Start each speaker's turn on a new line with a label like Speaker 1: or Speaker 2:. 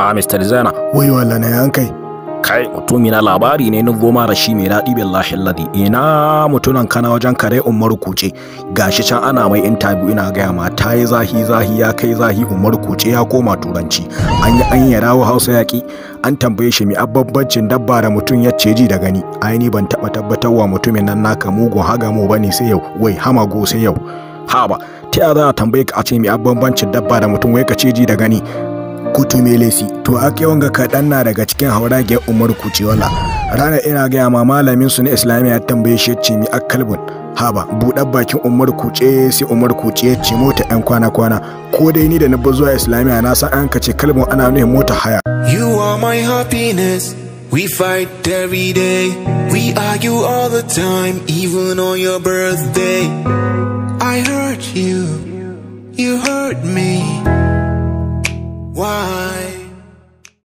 Speaker 1: a ah, mr Zena. wai wala na yankai kai mutumi na labari ne na goma da shi mai daɗi billahi ladi ina mutunan kana wajen kare umar kuce gashi can ana mai interview ina gaya ma ta yi zahi zahi ya kai zahi umar kuce ya koma turanci an yi an yarawo hausa yaki an tambaye shi mi abbabbancin dabba da mutum ya ce ji da gani aini ban taba tabbatar wa mutumin nan naka mugun mu bane sai yau wai hama go sai yau haba ta za a tambaye ka a ce mi abbabbancin dabba da mutum wai ka ce ji da gani mai lesi to ake wanga kaɗan na daga cikin haurage umar kuciwala rana ina gaya ma malamin su na islamiyya tambaye shi ce mi akalbun haba buɗa bakin umar kuce sai umar kuce ya ce mota yan kwana kwana ko dai ni da na bar zuwa islamiyya na san an kace kalbun ana nuna mota haya
Speaker 2: you are my happiness We fight every day. We argue all the time, even on your birthday. I hurt you. You hurt me.
Speaker 3: Why?